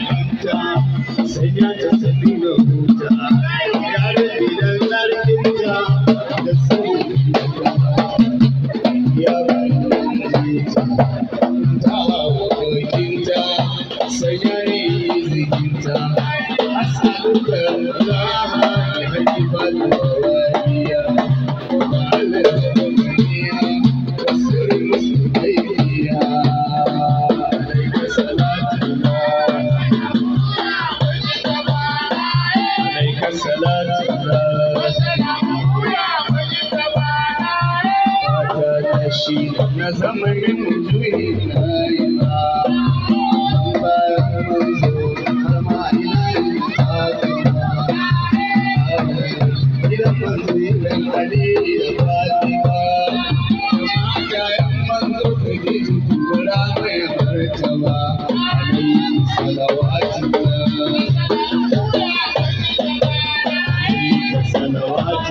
say get senti, get senti, goti, geti, goti, geti, geti, geti, needi, geti, geti, geti, geti, geti, geti, geti, geti, geti, shi na zamani salawatullah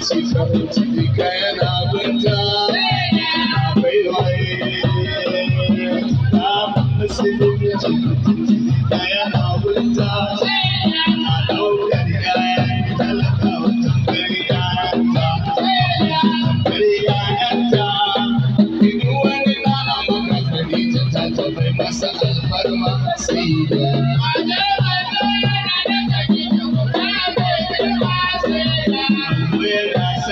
She's coming to the grand Thank you.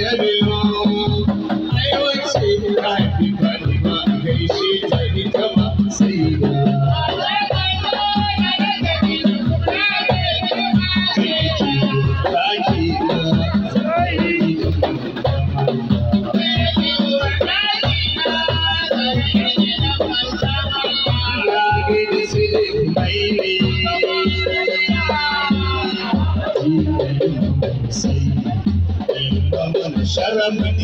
Sẹ́mi.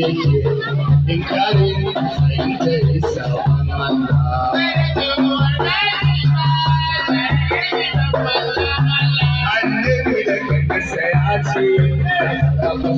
yake in kare in ta yi sabon Allah. Annabi da kansa ya ce, Manzo